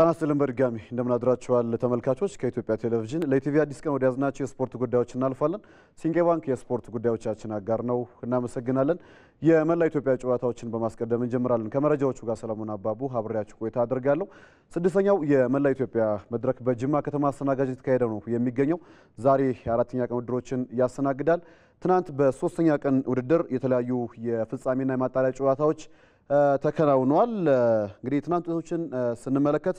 ጤና ይስጥልን በድጋሚ እንደምናድራችኋል ተመልካቾች። ከኢትዮጵያ ቴሌቪዥን ለኢቲቪ አዲስ ቀን ወደያዝናቸው የስፖርት ጉዳዮች እናልፋለን። ሲንቄ ባንክ የስፖርት ጉዳዮቻችን አጋር ነው፣ እናመሰግናለን። የመላ ኢትዮጵያ ጨዋታዎችን በማስቀደም እንጀምራለን። ከመረጃዎቹ ጋር ሰለሞን አባቡ አብሬያችሁ ቆይታ አድርጋለሁ። ስድስተኛው የመላ ኢትዮጵያ መድረክ በጅማ ከተማ አስተናጋጅ የተካሄደ ነው የሚገኘው። ዛሬ የአራተኛ ቀን ውድድሮችን ያስተናግዳል። ትናንት በሶስተኛ ቀን ውድድር የተለያዩ የፍጻሜና የማጣሪያ ጨዋታዎች ተከናውኗል። እንግዲህ ትናንት ውጤቶችን ስንመለከት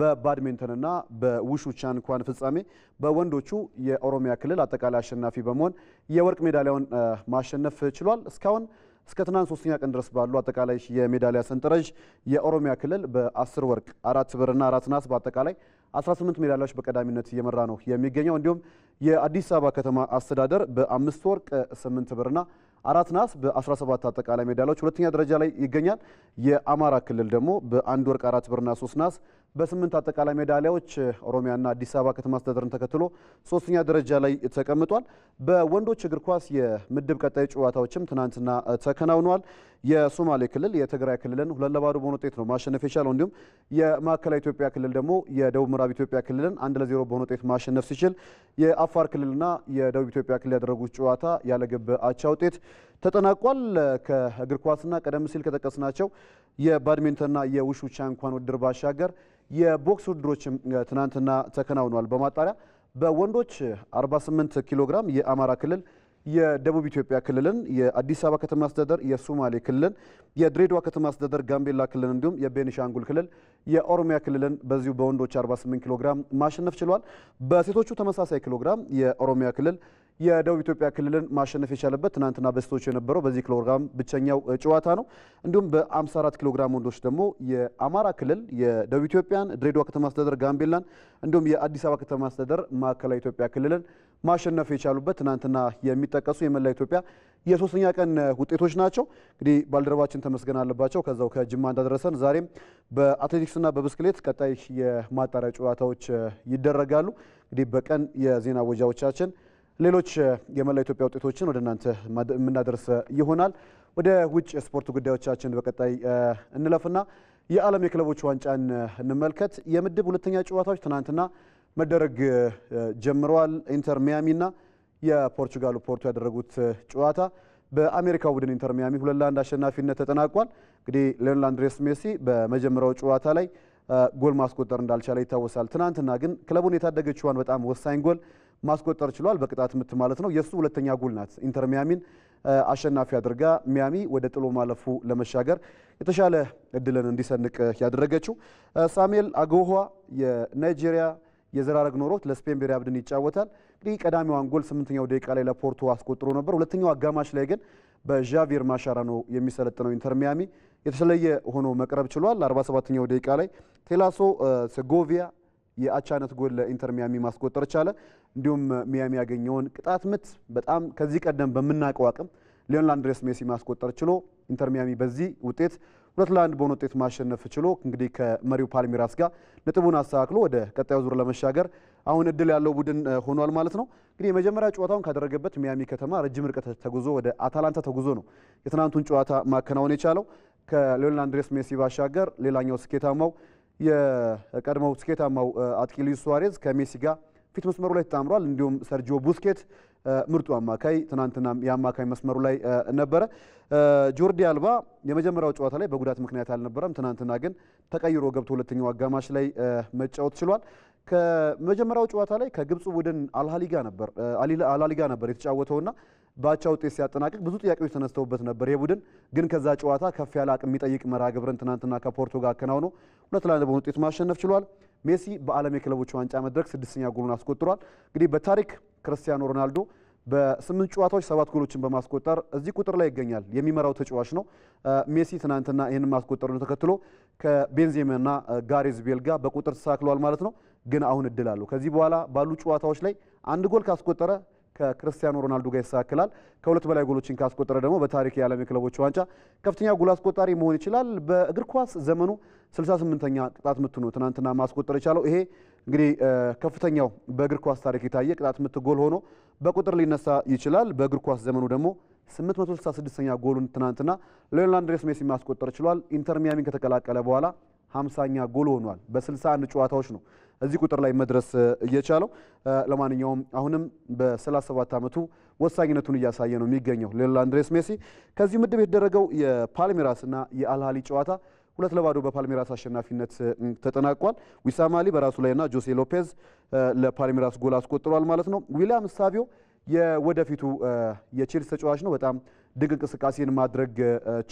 በባድሚንተንና በውሹ ቻንኳን ፍጻሜ በወንዶቹ የኦሮሚያ ክልል አጠቃላይ አሸናፊ በመሆን የወርቅ ሜዳሊያውን ማሸነፍ ችሏል። እስካሁን እስከ ትናንት ሶስተኛ ቀን ድረስ ባሉ አጠቃላይ የሜዳሊያ ሰንጠረዥ የኦሮሚያ ክልል በ10 ወርቅ፣ አራት ብርና አራት ናስ በአጠቃላይ 18 ሜዳሊያዎች በቀዳሚነት እየመራ ነው የሚገኘው። እንዲሁም የአዲስ አበባ ከተማ አስተዳደር በአምስት ወርቅ፣ ስምንት ብርና አራት ናስ በ17 አጠቃላይ ሜዳሊያዎች ሁለተኛ ደረጃ ላይ ይገኛል። የአማራ ክልል ደግሞ በአንድ ወርቅ አራት ብርና ሶስት ናስ በስምንት አጠቃላይ ሜዳሊያዎች ኦሮሚያና አዲስ አበባ ከተማ አስተዳደርን ተከትሎ ሶስተኛ ደረጃ ላይ ተቀምጧል። በወንዶች እግር ኳስ የምድብ ቀጣይ ጨዋታዎችም ትናንትና ተከናውነዋል። የሶማሌ ክልል የትግራይ ክልልን ሁለት ለባዶ በሆነ ውጤት ነው ማሸነፍ የቻለው። እንዲሁም የማዕከላዊ ኢትዮጵያ ክልል ደግሞ የደቡብ ምዕራብ ኢትዮጵያ ክልልን አንድ ለዜሮ በሆነ ውጤት ማሸነፍ ሲችል የአፋር ክልልና የደቡብ ኢትዮጵያ ክልል ያደረጉት ጨዋታ ያለ ግብ አቻ ውጤት ተጠናቋል። ከእግር ኳስና ቀደም ሲል ከጠቀስናቸው የባድሚንተንና የውሹ ቻንኳን ውድድር ባሻገር የቦክስ ውድድሮችም ትናንትና ተከናውኗል። በማጣሪያ በወንዶች 48 ኪሎ ግራም የአማራ ክልል የደቡብ ኢትዮጵያ ክልልን፣ የአዲስ አበባ ከተማ አስተዳደር የሶማሌ ክልልን፣ የድሬዳዋ ከተማ አስተዳደር ጋምቤላ ክልልን እንዲሁም የቤኒሻንጉል ክልል የኦሮሚያ ክልልን በዚሁ በወንዶች 48 ኪሎ ግራም ማሸነፍ ችሏል። በሴቶቹ ተመሳሳይ ኪሎ ግራም የኦሮሚያ ክልል የደቡብ ኢትዮጵያ ክልልን ማሸነፍ የቻለበት ትናንትና በስቶች የነበረው በዚህ ኪሎግራም ብቸኛው ጨዋታ ነው። እንዲሁም በ54 ኪሎግራም ወንዶች ደግሞ የአማራ ክልል የደቡብ ኢትዮጵያን፣ ድሬዳዋ ከተማ አስተዳደር ጋምቤላን፣ እንዲሁም የአዲስ አበባ ከተማ አስተዳደር ማዕከላዊ ኢትዮጵያ ክልልን ማሸነፍ የቻሉበት ትናንትና የሚጠቀሱ የመላ ኢትዮጵያ የሶስተኛ ቀን ውጤቶች ናቸው። እንግዲህ ባልደረባችን ተመስገን አለባቸው ከዛው ከጅማ እንዳደረሰን ዛሬም በአትሌቲክስና በብስክሌት ቀጣይ የማጣሪያ ጨዋታዎች ይደረጋሉ። እንግዲህ በቀን የዜና ወጃዎቻችን ሌሎች የመላ ኢትዮጵያ ውጤቶችን ወደ እናንተ የምናደርስ ይሆናል። ወደ ውጭ የስፖርት ጉዳዮቻችን በቀጣይ እንለፍና የዓለም የክለቦች ዋንጫን እንመልከት። የምድብ ሁለተኛ ጨዋታዎች ትናንትና መደረግ ጀምረዋል። ኢንተር ሚያሚና የፖርቹጋሉ ፖርቶ ያደረጉት ጨዋታ በአሜሪካው ቡድን ኢንተር ሚያሚ ሁለት ለአንድ አሸናፊነት ተጠናቋል። እንግዲህ ሊዮኔል አንድሬስ ሜሲ በመጀመሪያው ጨዋታ ላይ ጎል ማስቆጠር እንዳልቻለ ይታወሳል። ትናንትና ግን ክለቡን የታደገችዋን በጣም ወሳኝ ጎል ማስቆጠር ችሏል። በቅጣት ምት ማለት ነው። የእሱ ሁለተኛ ጎል ናት። ኢንተር ሚያሚን አሸናፊ አድርጋ ሚያሚ ወደ ጥሎ ማለፉ ለመሻገር የተሻለ እድልን እንዲሰንቅ ያደረገችው ሳሙኤል አጎኋ የናይጄሪያ የዘራረግ ኖሮት ለስፔን ብሔራዊ ቡድን ይጫወታል። እንግዲህ ቀዳሚዋን ጎል ስምንተኛው ደቂቃ ላይ ለፖርቶ አስቆጥሮ ነበር። ሁለተኛው አጋማሽ ላይ ግን በዣቪር ማሻራኖ የሚሰለጥነው ኢንተር ሚያሚ የተለየ ሆኖ መቅረብ ችሏል። 47ኛው ደቂቃ ላይ ቴላሶ ሴጎቪያ የአቻነት ጎል ለኢንተር ሚያሚ ማስቆጠር ቻለ። እንዲሁም ሚያሚ ያገኘውን ቅጣት ምት በጣም ከዚህ ቀደም በምናውቀው አቅም ሊዮኔል አንድሬስ ሜሲ ማስቆጠር ችሎ ኢንተር ሚያሚ በዚህ ውጤት ሁለት ለአንድ በሆነ ውጤት ማሸነፍ ችሎ እንግዲህ ከመሪው ፓልሚራስ ጋር ነጥቡን አስተካክሎ ወደ ቀጣዩ ዙር ለመሻገር አሁን እድል ያለው ቡድን ሆኗል ማለት ነው። እንግዲህ የመጀመሪያ ጨዋታውን ካደረገበት ሚያሚ ከተማ ረጅም ርቀት ተጉዞ ወደ አታላንታ ተጉዞ ነው የትናንቱን ጨዋታ ማከናወን የቻለው። ከሊዮኔል አንድሬስ ሜሲ ባሻገር ሌላኛው ስኬታማው የቀድሞው ስኬታማው አጥቂ ሉዊስ ሱዋሬዝ ከሜሲ ጋር ፊት መስመሩ ላይ ተጣምሯል። እንዲሁም ሰርጂዮ ቡስኬት ምርጡ አማካይ ትናንትና የአማካይ መስመሩ ላይ ነበረ። ጆርዲ አልባ የመጀመሪያው ጨዋታ ላይ በጉዳት ምክንያት አልነበረም። ትናንትና ግን ተቀይሮ ገብቶ ሁለተኛው አጋማሽ ላይ መጫወት ችሏል። ከመጀመሪያው ጨዋታ ላይ ከግብፁ ቡድን ነበር አልሃሊጋ ነበር የተጫወተውና በአቻ ውጤት ሲያጠናቅቅ ብዙ ጥያቄዎች ተነስተውበት ነበር። ይህ ቡድን ግን ከዛ ጨዋታ ከፍ ያለ አቅም የሚጠይቅ መርሃ ግብርን ትናንትና ከፖርቶ ጋር አከናውኖ ሁለት ለአንድ በሆነ ውጤት ማሸነፍ ችሏል። ሜሲ በዓለም የክለቦች ዋንጫ መድረክ ስድስተኛ ጎሉን አስቆጥሯል። እንግዲህ በታሪክ ክርስቲያኖ ሮናልዶ በስምንት ጨዋታዎች ሰባት ጎሎችን በማስቆጠር እዚህ ቁጥር ላይ ይገኛል። የሚመራው ተጫዋች ነው። ሜሲ ትናንትና ይህን ማስቆጠሩን ተከትሎ ከቤንዜማና ጋሬዝ ቤል ጋር በቁጥር ተሳክሏል ማለት ነው። ግን አሁን እድል አለው። ከዚህ በኋላ ባሉ ጨዋታዎች ላይ አንድ ጎል ካስቆጠረ ከክርስቲያኖ ሮናልዶ ጋር ይስተካከላል። ከሁለት በላይ ጎሎችን ካስቆጠረ ደግሞ በታሪክ የዓለም የክለቦች ዋንጫ ከፍተኛ ጎል አስቆጣሪ መሆን ይችላል። በእግር ኳስ ዘመኑ 68ኛ ቅጣት ምት ነው ትናንትና ማስቆጠር የቻለው። ይሄ እንግዲህ ከፍተኛው በእግር ኳስ ታሪክ የታየ ቅጣት ምት ጎል ሆኖ በቁጥር ሊነሳ ይችላል። በእግር ኳስ ዘመኑ ደግሞ 866ኛ ጎሉን ትናንትና ሊዮኔል አንድሬስ ሜሲ ማስቆጠር ችሏል። ኢንተር ሚያሚን ከተቀላቀለ በኋላ 50ኛ ጎል ሆኗል። በ61 ጨዋታዎች ነው እዚህ ቁጥር ላይ መድረስ እየቻለው። ለማንኛውም አሁንም በ37 ዓመቱ ወሳኝነቱን እያሳየ ነው የሚገኘው ሌላ አንድሬስ ሜሲ። ከዚህ ምድብ የተደረገው የፓልሜራስና የአልሃሊ ጨዋታ ሁለት ለባዶ በፓልሜራስ አሸናፊነት ተጠናቋል። ዊሳም አሊ በራሱ ላይና ጆሴ ሎፔዝ ለፓልሜራስ ጎል አስቆጥሯል ማለት ነው። ዊሊያም ሳቪዮ የወደፊቱ የቼልሲ ተጫዋች ነው። በጣም ድንቅ እንቅስቃሴን ማድረግ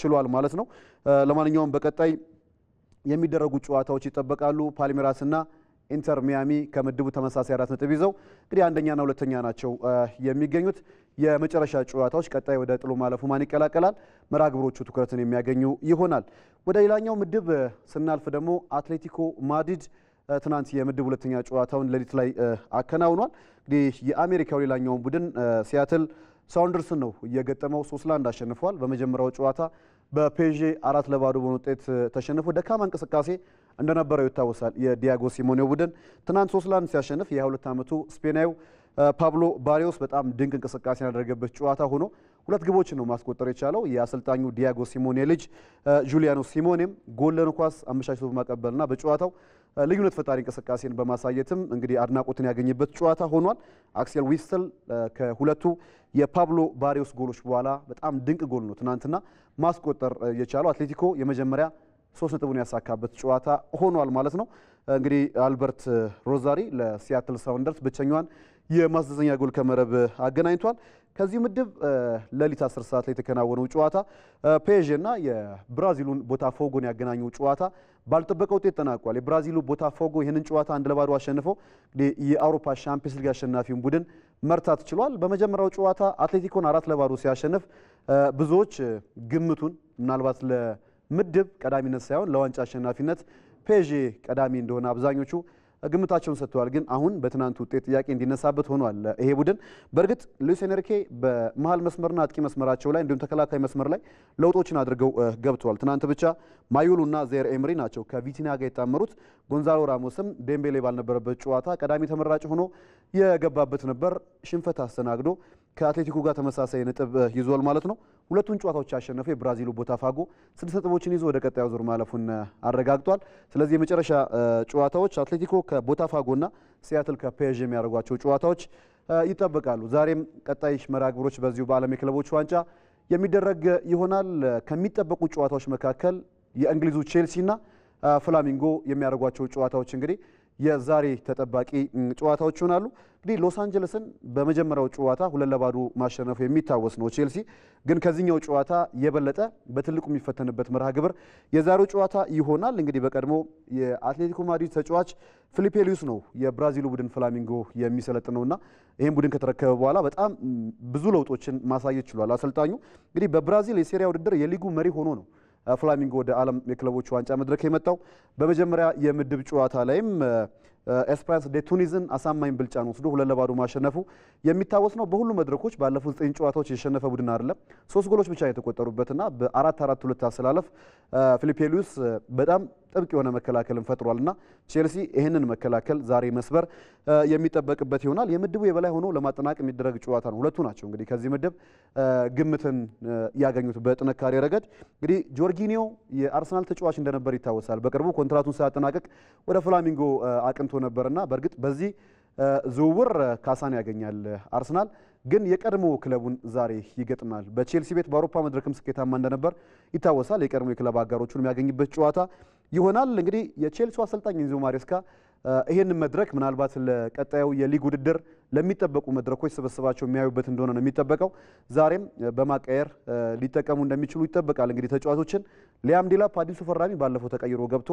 ችሏል ማለት ነው። ለማንኛውም በቀጣይ የሚደረጉ ጨዋታዎች ይጠበቃሉ ፓልሜራስና ኢንተር ሚያሚ ከምድቡ ተመሳሳይ አራት ነጥብ ይዘው እንግዲህ አንደኛና ሁለተኛ ናቸው የሚገኙት። የመጨረሻ ጨዋታዎች ቀጣይ ወደ ጥሎ ማለፉ ማን ይቀላቀላል መርሃ ግብሮቹ ትኩረትን የሚያገኙ ይሆናል። ወደ ሌላኛው ምድብ ስናልፍ ደግሞ አትሌቲኮ ማድሪድ ትናንት የምድብ ሁለተኛ ጨዋታውን ሌሊት ላይ አከናውኗል። እንግዲህ የአሜሪካው ሌላኛውን ቡድን ሲያትል ሳውንደርስን ነው እየገጠመው ሶስት ለአንድ አሸንፏል። በመጀመሪያው ጨዋታ በፔዤ አራት ለባዶ በሆነ ውጤት ተሸንፎ ደካማ እንቅስቃሴ እንደነበረው ይታወሳል። የዲያጎ ሲሞኔ ቡድን ትናንት ሶስት ለአንድ ሲያሸንፍ የ22 ዓመቱ ስፔናዊው ፓብሎ ባሪዮስ በጣም ድንቅ እንቅስቃሴ ያደረገበት ጨዋታ ሆኖ ሁለት ግቦች ነው ማስቆጠር የቻለው። የአሰልጣኙ ዲያጎ ሲሞኔ ልጅ ጁሊያኖ ሲሞኔም ጎል ኳስ አመቻችቶ በማቀበልና በጨዋታው ልዩነት ፈጣሪ እንቅስቃሴን በማሳየትም እንግዲህ አድናቆትን ያገኝበት ጨዋታ ሆኗል። አክሴል ዊስተል ከሁለቱ የፓብሎ ባሪዮስ ጎሎች በኋላ በጣም ድንቅ ጎል ነው ትናንትና ማስቆጠር የቻለው አትሌቲኮ የመጀመሪያ ሶስት ነጥቡን ያሳካበት ጨዋታ ሆኗል ማለት ነው። እንግዲህ አልበርት ሮዛሪ ለሲያትል ሳውንደርስ ብቸኛዋን የማስዘዘኛ ጎል ከመረብ አገናኝቷል። ከዚህ ምድብ ሌሊት 10 ሰዓት ላይ የተከናወነው ጨዋታ ፔዥ እና የብራዚሉን ቦታፎጎን ያገናኘው ጨዋታ ባልጠበቀ ውጤት ተጠናቋል። የብራዚሉ ቦታፎጎ ይህንን ጨዋታ አንድ ለባዶ አሸንፎ የአውሮፓ ሻምፒየንስ ሊግ አሸናፊውን ቡድን መርታት ችሏል። በመጀመሪያው ጨዋታ አትሌቲኮን አራት ለባዶ ሲያሸንፍ ብዙዎች ግምቱን ምናልባት ምድብ ቀዳሚነት ሳይሆን ለዋንጫ አሸናፊነት ፔዤ ቀዳሚ እንደሆነ አብዛኞቹ ግምታቸውን ሰጥተዋል። ግን አሁን በትናንት ውጤት ጥያቄ እንዲነሳበት ሆኗል ይሄ ቡድን። በእርግጥ ሉዊስ ኤንሪኬ በመሀል መስመርና አጥቂ መስመራቸው ላይ እንዲሁም ተከላካይ መስመር ላይ ለውጦችን አድርገው ገብተዋል። ትናንት ብቻ ማዩሉና ዜር ኤምሪ ናቸው ከቪቲና ጋር የጣመሩት። ጎንዛሎ ራሞስም ዴምቤሌ ባልነበረበት ጨዋታ ቀዳሚ ተመራጭ ሆኖ የገባበት ነበር። ሽንፈት አስተናግዶ ከአትሌቲኮ ጋር ተመሳሳይ ነጥብ ይዟል ማለት ነው። ሁለቱን ጨዋታዎች ያሸነፈው የብራዚሉ ቦታፋጎ ስድስት ነጥቦችን ይዞ ወደ ቀጣዩ ዙር ማለፉን አረጋግጧል። ስለዚህ የመጨረሻ ጨዋታዎች አትሌቲኮ ከቦታፋጎና ሲያትል ከፔዥ የሚያደርጓቸው ጨዋታዎች ይጠበቃሉ። ዛሬም ቀጣይ ግብሮች በዚሁ በዓለም የክለቦች ዋንጫ የሚደረግ ይሆናል። ከሚጠበቁ ጨዋታዎች መካከል የእንግሊዙ ቼልሲና ፍላሚንጎ የሚያደርጓቸው ጨዋታዎች እንግዲህ የዛሬ ተጠባቂ ጨዋታዎች ይሆናሉ። እንግዲህ ሎስ አንጀለስን በመጀመሪያው ጨዋታ ሁለት ለባዶ ማሸነፉ የሚታወስ ነው። ቼልሲ ግን ከዚህኛው ጨዋታ የበለጠ በትልቁ የሚፈተንበት መርሃ ግብር የዛሬው ጨዋታ ይሆናል። እንግዲህ በቀድሞ የአትሌቲኮ ማድሪድ ተጫዋች ፊሊፔ ነው የብራዚሉ ቡድን ፍላሚንጎ የሚሰለጥነውና ይህም ቡድን ከተረከበ በኋላ በጣም ብዙ ለውጦችን ማሳየት ችሏል። አሰልጣኙ እንግዲህ በብራዚል የሴሪያ ውድድር የሊጉ መሪ ሆኖ ነው ፍላሚንጎ ወደ ዓለም የክለቦች ዋንጫ መድረክ የመጣው። በመጀመሪያ የምድብ ጨዋታ ላይም ኤስፕራንስ ዴ ቱኒዝን አሳማኝ ብልጫን ወስዶ ሁለት ለባዶ ማሸነፉ የሚታወስ ነው። በሁሉ መድረኮች ባለፉት ዘጠኝ ጨዋታዎች የሸነፈ ቡድን አይደለም። ሶስት ጎሎች ብቻ የተቆጠሩበትና በአራት አራት ሁለት አሰላለፍ ፊሊፔ ሉዊስ በጣም ጥብቅ የሆነ መከላከልን ፈጥሯል እና ቼልሲ ይህንን መከላከል ዛሬ መስበር የሚጠበቅበት ይሆናል። የምድቡ የበላይ ሆኖ ለማጠናቅ የሚደረግ ጨዋታ ነው። ሁለቱ ናቸው እንግዲህ ከዚህ ምድብ ግምትን ያገኙት በጥንካሬ ረገድ እንግዲህ ጆርጊኒዮ የአርሰናል ተጫዋች እንደነበር ይታወሳል። በቅርቡ ኮንትራቱን ሳያጠናቀቅ ወደ ፍላሚንጎ አቅንቶ ነበርና በእርግጥ በዚህ ዝውውር ካሳን ያገኛል አርሰናል ግን የቀድሞ ክለቡን ዛሬ ይገጥማል። በቼልሲ ቤት በአውሮፓ መድረክም ስኬታማ እንደነበር ይታወሳል። የቀድሞ የክለብ አጋሮቹን የሚያገኝበት ጨዋታ ይሆናል። እንግዲህ የቼልሲው አሰልጣኝ ኢንዞ ማሪስካ ይህን መድረክ ምናልባት ለቀጣዩ የሊግ ውድድር ለሚጠበቁ መድረኮች ስብስባቸው የሚያዩበት እንደሆነ ነው የሚጠበቀው። ዛሬም በማቀየር ሊጠቀሙ እንደሚችሉ ይጠበቃል። እንግዲህ ተጫዋቾችን ሊያም ዲላፕ አዲሱ ፈራሚ ባለፈው ተቀይሮ ገብቶ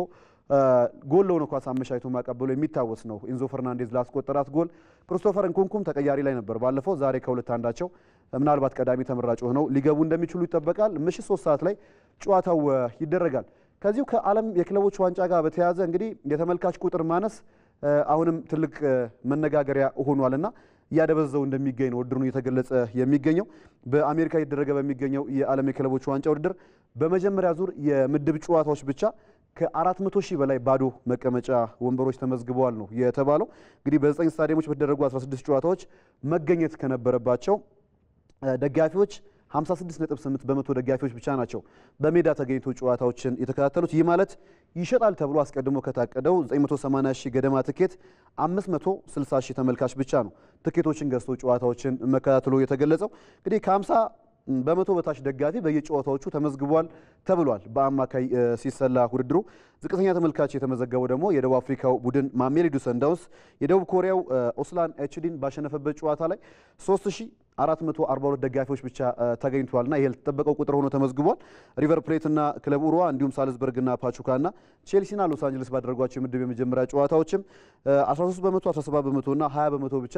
ጎል ለሆነ ኳስ አመሻይቶ ማቀበሉ የሚታወስ ነው። ኢንዞ ፈርናንዴዝ ላስቆጠራት ጎል ክርስቶፈር እንኩንኩም ተቀያሪ ላይ ነበር ባለፈው። ዛሬ ከሁለት አንዳቸው ምናልባት ቀዳሚ ተመራጭ ሆነው ሊገቡ እንደሚችሉ ይጠበቃል። ምሽት ሶስት ሰዓት ላይ ጨዋታው ይደረጋል። ከዚሁ ከዓለም የክለቦች ዋንጫ ጋር በተያያዘ እንግዲህ የተመልካች ቁጥር ማነስ አሁንም ትልቅ መነጋገሪያ ሆኗልና እያደበዘው እንደሚገኝ ነው ውድድሩ እየተገለጸ የሚገኘው። በአሜሪካ እየተደረገ በሚገኘው የዓለም የክለቦች ዋንጫ ውድድር በመጀመሪያ ዙር የምድብ ጨዋታዎች ብቻ ከ400 ሺህ በላይ ባዶ መቀመጫ ወንበሮች ተመዝግበዋል ነው የተባለው። እንግዲህ በዘጠኝ ስታዲየሞች በተደረጉ 16 ጨዋታዎች መገኘት ከነበረባቸው ደጋፊዎች 56.8 በመቶ ደጋፊዎች ብቻ ናቸው በሜዳ ተገኝቶ ጨዋታዎችን የተከታተሉት። ይህ ማለት ይሸጣል ተብሎ አስቀድሞ ከታቀደው 980 ሺህ ገደማ ትኬት 560 ሺህ ተመልካች ብቻ ነው ትኬቶችን ገዝቶ ጨዋታዎችን መከታተሉ የተገለጸው። እንግዲህ ከ50 በመቶ በታች ደጋፊ በየጨዋታዎቹ ተመዝግቧል ተብሏል። በአማካይ ሲሰላ ውድድሩ ዝቅተኛ ተመልካች የተመዘገበው ደግሞ የደቡብ አፍሪካው ቡድን ማሜሊዱ ሰንዳውንስ የደቡብ ኮሪያው ኦስላን ኤችዲን ባሸነፈበት ጨዋታ ላይ 3 442 ደጋፊዎች ብቻ ተገኝተዋልና ይሄ ያልተጠበቀው ቁጥር ሆኖ ተመዝግቧል። ሪቨር ፕሌትና ክለብ ኡሩዋ እንዲሁም ሳልዝበርግና ፓቹካና ቼልሲና ሎስ አንጀለስ ባደረጓቸው የምድብ የመጀመሪያ ጨዋታዎችም 13 በመቶ 17 በመቶና 20 በመቶ ብቻ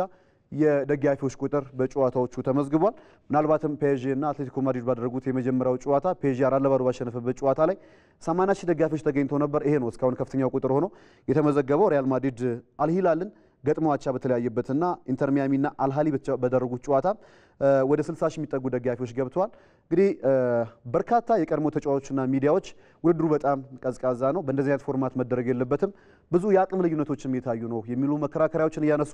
የደጋፊዎች ቁጥር በጨዋታዎቹ ተመዝግቧል። ምናልባትም ፔዥ እና አትሌቲኮ ማድሪድ ባደረጉት የመጀመሪያው ጨዋታ ፔዥ አራት ለባዶ ባሸነፈበት ጨዋታ ላይ 80 ሺህ ደጋፊዎች ተገኝተው ነበር። ይሄ ነው እስካሁን ከፍተኛው ቁጥር ሆኖ የተመዘገበው። ሪያል ማድሪድ አልሂላልን ገጥሞ አቻ በተለያየበትና ኢንተር ሚያሚና አልሃሊ በደረጉት ጨዋታ ወደ 60 ሺህ የሚጠጉ ደጋፊዎች ገብተዋል። እንግዲህ በርካታ የቀድሞ ተጫዋቾችና ሚዲያዎች ውድድሩ በጣም ቀዝቃዛ ነው፣ በእንደዚህ አይነት ፎርማት መደረግ የለበትም፣ ብዙ የአቅም ልዩነቶችም እየታዩ ነው የሚሉ መከራከሪያዎችን እያነሱ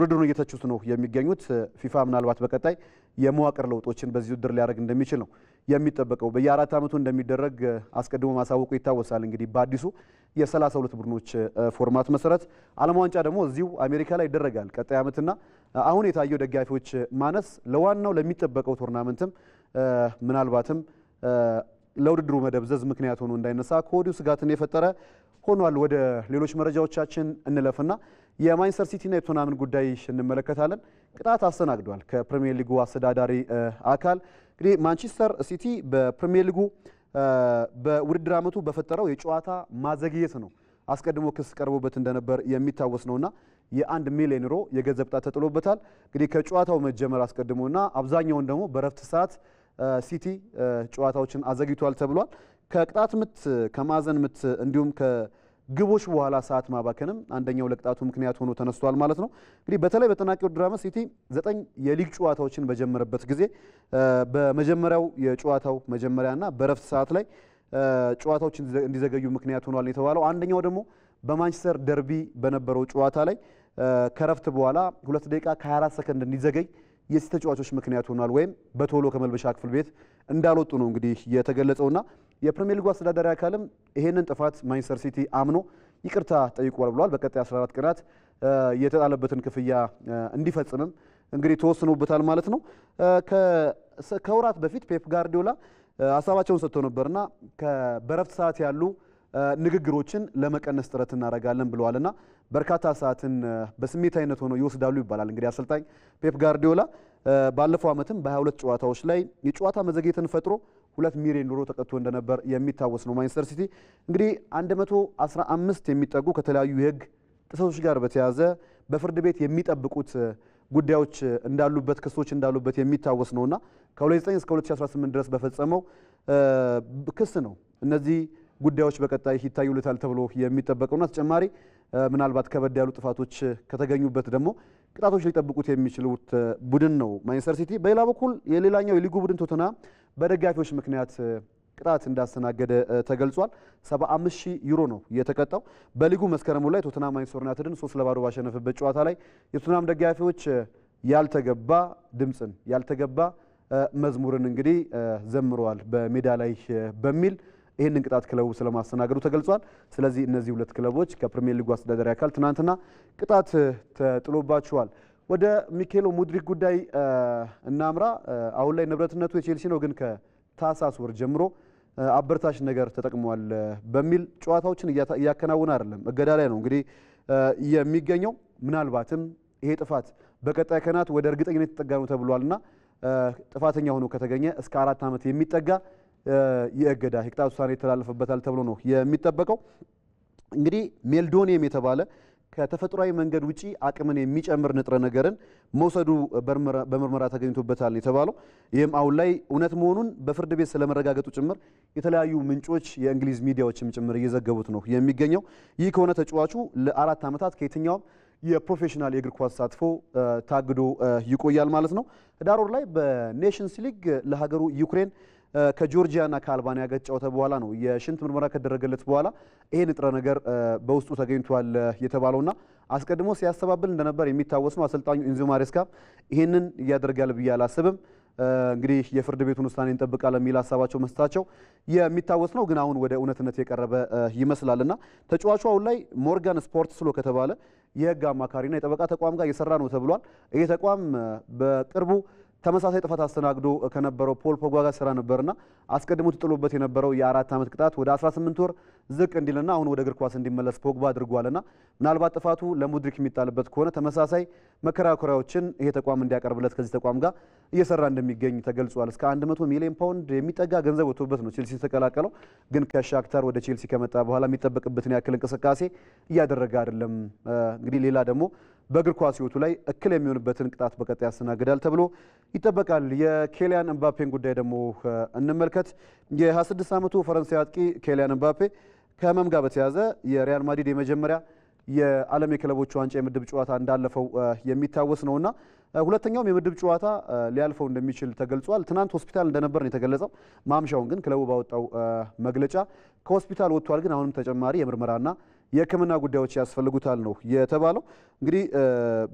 ውድድሩን እየተቹት ነው የሚገኙት። ፊፋ ምናልባት በቀጣይ የመዋቅር ለውጦችን በዚህ ውድድር ሊያደርግ እንደሚችል ነው የሚጠበቀው በየአራት ዓመቱ እንደሚደረግ አስቀድሞ ማሳወቁ ይታወሳል። እንግዲህ በአዲሱ የሰላሳ ሁለት ቡድኖች ፎርማት መሰረት ዓለም ዋንጫ ደግሞ እዚሁ አሜሪካ ላይ ይደረጋል ቀጣይ ዓመትና አሁን የታየው ደጋፊዎች ማነስ ለዋናው ለሚጠበቀው ቶርናመንትም ምናልባትም ለውድድሩ መደብዘዝ ምክንያት ሆኖ እንዳይነሳ ከወዲሁ ስጋትን የፈጠረ ሆኗል። ወደ ሌሎች መረጃዎቻችን እንለፍና የማንቸስተር ሲቲና የቶናምን ጉዳይ እንመለከታለን። ቅጣት አስተናግዷል ከፕሪሚየር ሊጉ አስተዳዳሪ አካል እንግዲህ ማንቸስተር ሲቲ በፕሪሚየር ሊጉ በውድድር ዓመቱ በፈጠረው የጨዋታ ማዘግየት ነው አስቀድሞ ክስ ቀርቦበት እንደነበር የሚታወስ ነውና የአንድ ሚሊዮን ዩሮ የገንዘብ ቅጣት ተጥሎበታል። እንግዲህ ከጨዋታው መጀመር አስቀድሞና አብዛኛውን ደግሞ በረፍት ሰዓት ሲቲ ጨዋታዎችን አዘግይቷል ተብሏል። ከቅጣት ምት ከማዕዘን ምት እንዲሁም ግቦች በኋላ ሰዓት ማባከንም አንደኛው ለቅጣቱ ምክንያት ሆኖ ተነስቷል ማለት ነው። እንግዲህ በተለይ በተናቂው ድራማ ሲቲ ዘጠኝ የሊግ ጨዋታዎችን በጀመረበት ጊዜ በመጀመሪያው የጨዋታው መጀመሪያና በረፍት ሰዓት ላይ ጨዋታዎች እንዲዘገዩ ምክንያት ሆኗል የተባለው አንደኛው ደግሞ በማንቸስተር ደርቢ በነበረው ጨዋታ ላይ ከረፍት በኋላ ሁለት ደቂቃ ከ24 ሰከንድ እንዲዘገይ የሴት ተጫዋቾች ምክንያት ሆኗል ወይም በቶሎ ከመልበሻ ክፍል ቤት እንዳልወጡ ነው እንግዲህ የተገለጸውና የፕሪሚየር ሊጉ አስተዳዳሪ አካልም ይሄንን ጥፋት ማንቸስተር ሲቲ አምኖ ይቅርታ ጠይቋል ብሏል። በቀጣይ 14 ቀናት የተጣለበትን ክፍያ እንዲፈጽምም እንግዲህ ተወስኖበታል ማለት ነው። ከወራት በፊት ፔፕ ጋርዲዮላ ሀሳባቸውን ሰጥተው ነበርና በረፍት ሰዓት ያሉ ንግግሮችን ለመቀነስ ጥረት እናደርጋለን ብለዋልና በርካታ ሰዓትን በስሜት አይነት ሆነው ይወስዳሉ ይባላል። እንግዲህ አሰልጣኝ ፔፕ ጋርዲዮላ ባለፈው ዓመትም በ22 ጨዋታዎች ላይ የጨዋታ መዘግየትን ፈጥሮ ሁለት ሚሊዮን ዩሮ ተቀጥቶ እንደነበር የሚታወስ ነው። ማንቸስተር ሲቲ እንግዲህ 115 የሚጠጉ ከተለያዩ የህግ ጥሰቶች ጋር በተያያዘ በፍርድ ቤት የሚጠብቁት ጉዳዮች እንዳሉበት ክሶች እንዳሉበት የሚታወስ ነውና ከ2009 እስከ 2018 ድረስ በፈጸመው ክስ ነው እነዚህ ጉዳዮች በቀጣይ ይታዩልታል ተብሎ የሚጠበቀውና ተጨማሪ ምናልባት ከበድ ያሉ ጥፋቶች ከተገኙበት ደግሞ ቅጣቶች ሊጠብቁት የሚችሉት ቡድን ነው ማንቸስተር ሲቲ። በሌላ በኩል የሌላኛው የሊጉ ቡድን ቶተና በደጋፊዎች ምክንያት ቅጣት እንዳስተናገደ ተገልጿል። 75 ሺህ ዩሮ ነው የተቀጣው። በሊጉ መስከረሙ ላይ ቶተናም ማንቸስተር ዩናይትድን ሶስት ለባዶ ባሸነፈበት ጨዋታ ላይ የቶተናም ደጋፊዎች ያልተገባ ድምፅን ያልተገባ መዝሙርን እንግዲህ ዘምረዋል በሜዳ ላይ በሚል ይህንን ቅጣት ክለቡ ስለማስተናገዱ ተገልጿል። ስለዚህ እነዚህ ሁለት ክለቦች ከፕሪሚየር ሊጉ አስተዳደሪ አካል ትናንትና ቅጣት ተጥሎባቸዋል። ወደ ሚኬሎ ሙድሪክ ጉዳይ እናምራ። አሁን ላይ ንብረትነቱ የቼልሲ ነው፣ ግን ከታህሳስ ወር ጀምሮ አበረታች ነገር ተጠቅሟል በሚል ጨዋታዎችን እያከናወነ አይደለም፣ እገዳ ላይ ነው እንግዲህ የሚገኘው። ምናልባትም ይሄ ጥፋት በቀጣይ ቀናት ወደ እርግጠኝነት የተጠጋ ነው ተብሏልና ጥፋተኛ ሆኖ ከተገኘ እስከ አራት ዓመት የሚጠጋ የእገዳ የቅጣት ውሳኔ ይተላለፍበታል ተብሎ ነው የሚጠበቀው። እንግዲህ ሜልዶኒየም የተባለ ከተፈጥሯዊ መንገድ ውጪ አቅምን የሚጨምር ንጥረ ነገርን መውሰዱ በምርመራ ተገኝቶበታል የተባለው ይህም አሁን ላይ እውነት መሆኑን በፍርድ ቤት ስለመረጋገጡ ጭምር የተለያዩ ምንጮች የእንግሊዝ ሚዲያዎችም ጭምር እየዘገቡት ነው የሚገኘው። ይህ ከሆነ ተጫዋቹ ለአራት ዓመታት ከየትኛውም የፕሮፌሽናል የእግር ኳስ ተሳትፎ ታግዶ ይቆያል ማለት ነው። ህዳር ወር ላይ በኔሽንስ ሊግ ለሀገሩ ዩክሬን ከጆርጂያና ከአልባንያ ጋር ተጫወተ በኋላ ነው የሽንት ምርመራ ከደረገለት በኋላ ይሄ ንጥረ ነገር በውስጡ ተገኝቷል የተባለውና አስቀድሞ ሲያስተባብል እንደነበር የሚታወስ ነው። አሰልጣኙ ኢንዞ ማሬስካ ይህንን እያደርጋል ብዬ አላስብም፣ እንግዲህ የፍርድ ቤቱን ውሳኔ እንጠብቃለን የሚል ሀሳባቸው መስጠታቸው የሚታወስ ነው። ግን አሁን ወደ እውነትነት የቀረበ ይመስላልና ተጫዋቹ አሁን ላይ ሞርጋን ስፖርት ስሎ ከተባለ የህግ አማካሪና የጠበቃ ተቋም ጋር እየሰራ ነው ተብሏል። ይህ ተቋም በቅርቡ ተመሳሳይ ጥፋት አስተናግዶ ከነበረው ፖል ፖግባ ጋር ስራ ነበርና አስቀድሞ ተጥሎበት የነበረው የአራት ዓመት ቅጣት ወደ 18 ወር ዝቅ እንዲልና አሁን ወደ እግር ኳስ እንዲመለስ ፖግባ አድርጓልና ምናልባት ጥፋቱ ለሙድሪክ የሚጣልበት ከሆነ ተመሳሳይ መከራከሪያዎችን ይሄ ተቋም እንዲያቀርብለት ከዚህ ተቋም ጋር እየሰራ እንደሚገኝ ተገልጿል። እስከ 100 ሚሊዮን ፓውንድ የሚጠጋ ገንዘብ ወጥቶበት ነው ቼልሲ ተቀላቀለው። ግን ከሻክታር ወደ ቼልሲ ከመጣ በኋላ የሚጠበቅበትን ያክል እንቅስቃሴ እያደረገ አይደለም። እንግዲህ ሌላ ደግሞ በእግር ኳስ ሕይወቱ ላይ እክል የሚሆንበትን ቅጣት በቀጣይ ያስተናግዳል ተብሎ ይጠበቃል። የኬሊያን እምባፔን ጉዳይ ደግሞ እንመልከት። የ26 ዓመቱ ፈረንሳይ አጥቂ ኬሊያን እምባፔ ከህመም ጋር በተያያዘ የሪያል ማድሪድ የመጀመሪያ የዓለም የክለቦች ዋንጫ የምድብ ጨዋታ እንዳለፈው የሚታወስ ነውና ሁለተኛውም የምድብ ጨዋታ ሊያልፈው እንደሚችል ተገልጿል። ትናንት ሆስፒታል እንደነበር ነው የተገለጸው። ማምሻውን ግን ክለቡ ባወጣው መግለጫ ከሆስፒታል ወጥቷል፣ ግን አሁንም ተጨማሪ የምርመራና የሕክምና ጉዳዮች ያስፈልጉታል ነው የተባለው። እንግዲህ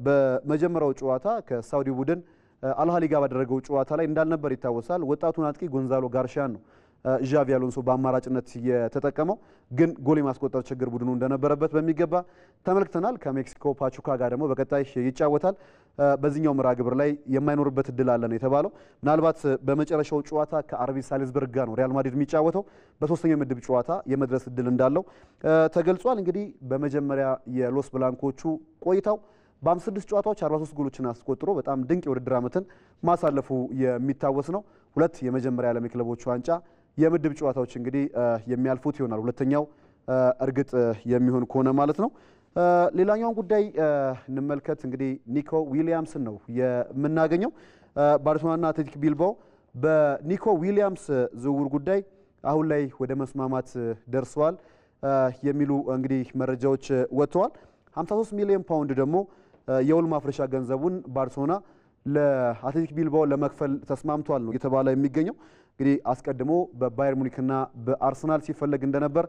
በመጀመሪያው ጨዋታ ከሳውዲ ቡድን አልሃሊ ጋር ባደረገው ጨዋታ ላይ እንዳልነበር ይታወሳል። ወጣቱን አጥቂ ጎንዛሎ ጋርሻን ነው ዣቪ አሎንሶ በአማራጭነት የተጠቀመው ግን ጎል የማስቆጠር ችግር ቡድኑ እንደነበረበት በሚገባ ተመልክተናል። ከሜክሲኮ ፓቹካ ጋር ደግሞ በቀጣይ ይጫወታል። በዚህኛው ምራ ግብር ላይ የማይኖርበት እድል አለ ነው የተባለው። ምናልባት በመጨረሻው ጨዋታ ከአርቢ ሳልዝበርግ ጋር ነው ሪያል ማድሪድ የሚጫወተው። በሶስተኛው ምድብ ጨዋታ የመድረስ እድል እንዳለው ተገልጿል። እንግዲህ በመጀመሪያ የሎስ ብላንኮቹ ቆይታው በ56 ጨዋታዎች 43 ጎሎችን አስቆጥሮ በጣም ድንቅ የውድድር ዓመትን ማሳለፉ የሚታወስ ነው። ሁለት የመጀመሪያ ዓለም የክለቦች ዋንጫ የምድብ ጨዋታዎች እንግዲህ የሚያልፉት ይሆናል። ሁለተኛው እርግጥ የሚሆን ከሆነ ማለት ነው። ሌላኛውን ጉዳይ እንመልከት። እንግዲህ ኒኮ ዊሊያምስን ነው የምናገኘው። ባርሴሎናና አትሌቲክ ቢልባው በኒኮ ዊሊያምስ ዝውውር ጉዳይ አሁን ላይ ወደ መስማማት ደርሰዋል የሚሉ እንግዲህ መረጃዎች ወጥተዋል። 53 ሚሊዮን ፓውንድ ደግሞ የውል ማፍረሻ ገንዘቡን ባርሴሎና ለአትሌቲክ ቢልባው ለመክፈል ተስማምቷል ነው እየተባለ የሚገኘው። እንግዲህ አስቀድሞ በባየር ሙኒክና በአርሰናል ሲፈለግ እንደነበር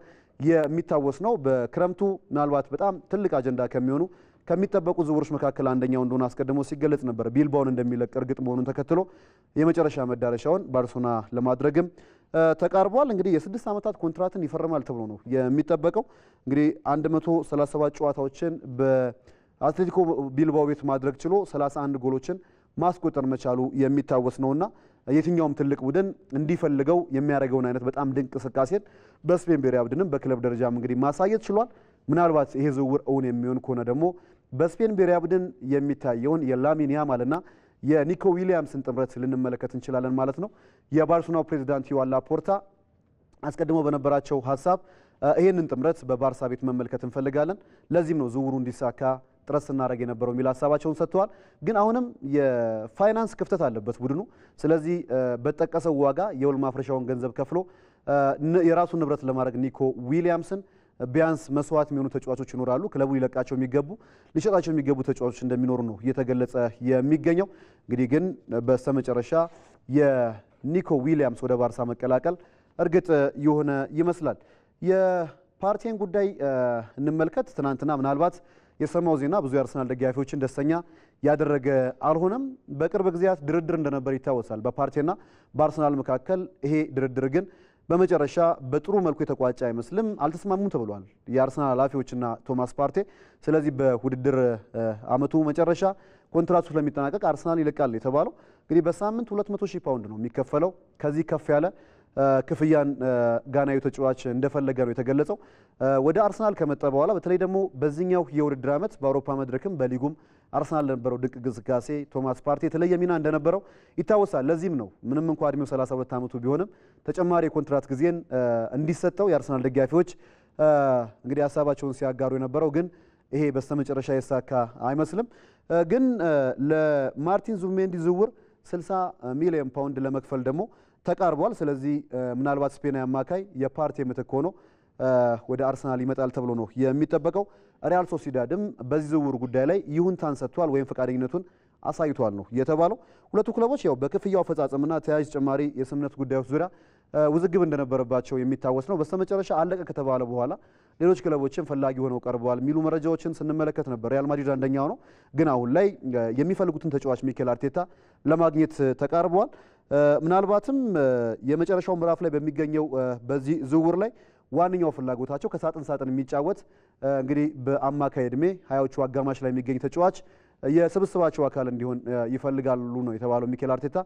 የሚታወስ ነው። በክረምቱ ምናልባት በጣም ትልቅ አጀንዳ ከሚሆኑ ከሚጠበቁ ዝውውሮች መካከል አንደኛው እንደሆነ አስቀድሞ ሲገለጽ ነበር። ቢልባውን እንደሚለቅ እርግጥ መሆኑን ተከትሎ የመጨረሻ መዳረሻውን ባርሶና ለማድረግም ተቃርቧል። እንግዲህ የስድስት ዓመታት ኮንትራትን ይፈርማል ተብሎ ነው የሚጠበቀው። እንግዲህ 137 ጨዋታዎችን በአትሌቲኮ ቢልባው ቤት ማድረግ ችሎ 31 ጎሎችን ማስቆጠር መቻሉ የሚታወስ ነውና የትኛውም ትልቅ ቡድን እንዲፈልገው የሚያደርገውን አይነት በጣም ድንቅ እንቅስቃሴን በስፔን ብሔራዊ ቡድንም በክለብ ደረጃም እንግዲህ ማሳየት ችሏል። ምናልባት ይሄ ዝውውር እውን የሚሆን ከሆነ ደግሞ በስፔን ብሔራዊ ቡድን የሚታየውን የላሚን ያማልና የኒኮ ዊሊያምስን ጥምረት ልንመለከት እንችላለን ማለት ነው። የባርሴሎናው ፕሬዚዳንት ዮዋን ላፖርታ አስቀድሞ በነበራቸው ሀሳብ ይህንን ጥምረት በባርሳ ቤት መመልከት እንፈልጋለን። ለዚህም ነው ዝውውሩ እንዲሳካ ጥረት ስናደረግ የነበረው የሚል ሀሳባቸውን ሰጥተዋል። ግን አሁንም የፋይናንስ ክፍተት አለበት ቡድኑ። ስለዚህ በጠቀሰው ዋጋ የውል ማፍረሻውን ገንዘብ ከፍሎ የራሱን ንብረት ለማድረግ ኒኮ ዊሊያምስን ቢያንስ መስዋዕት የሚሆኑ ተጫዋቾች ይኖራሉ። ክለቡ ሊለቃቸው የሚገቡ ሊሸጣቸው የሚገቡ ተጫዋቾች እንደሚኖሩ ነው እየተገለጸ የሚገኘው። እንግዲህ ግን በስተመጨረሻ የኒኮ ዊሊያምስ ወደ ባርሳ መቀላቀል እርግጥ የሆነ ይመስላል። የፓርቲን ጉዳይ እንመልከት። ትናንትና ምናልባት የሰማው ዜና ብዙ የአርሰናል ደጋፊዎችን ደስተኛ ያደረገ አልሆነም። በቅርብ ጊዜያት ድርድር እንደነበር ይታወሳል በፓርቴና በአርሰናል መካከል። ይሄ ድርድር ግን በመጨረሻ በጥሩ መልኩ የተቋጨ አይመስልም። አልተስማሙም ተብሏል የአርሰናል ኃላፊዎችና ቶማስ ፓርቴ። ስለዚህ በውድድር አመቱ መጨረሻ ኮንትራቱ ስለሚጠናቀቅ አርሰናል ይለቃል የተባለው እንግዲህ በሳምንት 200 ሺህ ፓውንድ ነው የሚከፈለው። ከዚህ ከፍ ያለ ክፍያን ጋናዊ ተጫዋች እንደፈለገ ነው የተገለጸው። ወደ አርሰናል ከመጣ በኋላ በተለይ ደግሞ በዚህኛው የውድድር ዓመት በአውሮፓ መድረክም በሊጉም አርሰናል ለነበረው ድንቅ ግስጋሴ ቶማስ ፓርቲ የተለየ ሚና እንደነበረው ይታወሳል። ለዚህም ነው ምንም እንኳ እድሜው 32 ዓመቱ ቢሆንም ተጨማሪ የኮንትራት ጊዜን እንዲሰጠው የአርሰናል ደጋፊዎች እንግዲህ ሀሳባቸውን ሲያጋሩ የነበረው ግን ይሄ በስተመጨረሻ የሳካ አይመስልም። ግን ለማርቲን ዙሜንዲ ዝውውር 60 ሚሊዮን ፓውንድ ለመክፈል ደግሞ ተቃርቧል። ስለዚህ ምናልባት ስፔናዊ አማካይ የፓርቲ ምትክ ሆኖ ወደ አርሰናል ይመጣል ተብሎ ነው የሚጠበቀው። ሪያል ሶሲዳድም በዚህ ዝውውር ጉዳይ ላይ ይሁንታን ሰጥቷል ወይም ፈቃደኝነቱን አሳይቷል ነው የተባለው። ሁለቱ ክለቦች ያው በክፍያው አፈጻጸምና ተያያዥ ጭማሪ የስምምነት ጉዳዮች ዙሪያ ውዝግብ እንደነበረባቸው የሚታወስ ነው። በስተመጨረሻ አለቀ ከተባለ በኋላ ሌሎች ክለቦችን ፈላጊ ሆነው ቀርበዋል የሚሉ መረጃዎችን ስንመለከት ነበር። ሪያል ማድሪድ አንደኛው ነው፣ ግን አሁን ላይ የሚፈልጉትን ተጫዋች ሚኬል አርቴታ ለማግኘት ተቃርበዋል። ምናልባትም የመጨረሻው ምዕራፍ ላይ በሚገኘው በዚህ ዝውውር ላይ ዋነኛው ፍላጎታቸው ከሳጥን ሳጥን የሚጫወት እንግዲህ በአማካይ ዕድሜ ሀያዎቹ አጋማሽ ላይ የሚገኝ ተጫዋች የስብስባቸው አካል እንዲሆን ይፈልጋሉ ነው የተባለው ሚኬል አርቴታ።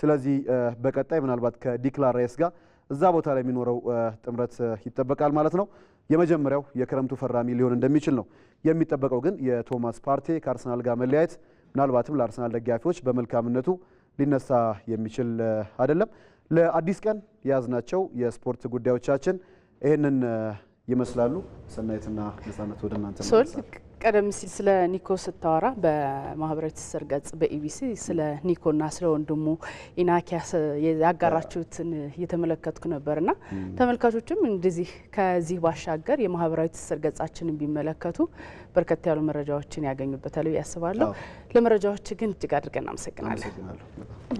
ስለዚህ በቀጣይ ምናልባት ከዲክላን ራይስ ጋር እዛ ቦታ ላይ የሚኖረው ጥምረት ይጠበቃል ማለት ነው። የመጀመሪያው የክረምቱ ፈራሚ ሊሆን እንደሚችል ነው የሚጠበቀው። ግን የቶማስ ፓርቴ ከአርሰናል ጋር መለያየት ምናልባትም ለአርሰናል ደጋፊዎች በመልካምነቱ ሊነሳ የሚችል አይደለም። ለአዲስ ቀን የያዝናቸው የስፖርት ጉዳዮቻችን ይህንን ይመስላሉ። ሰናየትና ነጻነት ወደ እናንተ ቀደም ሲል ስለ ኒኮ ስታወራ በማህበራዊ ትስስር ገጽ በኢቢሲ ስለ ኒኮና ስለ ወንድሙ ኢናኪያስ ያጋራችሁትን እየተመለከትኩ ነበርና ተመልካቾችም እንደዚህ ከዚህ ባሻገር የማህበራዊ ትስስር ገጻችንን ቢመለከቱ በርከት ያሉ መረጃዎችን ያገኙበታል ብዬ ለመረጃዎች ግን እጅግ አድርገን አመሰግናለን።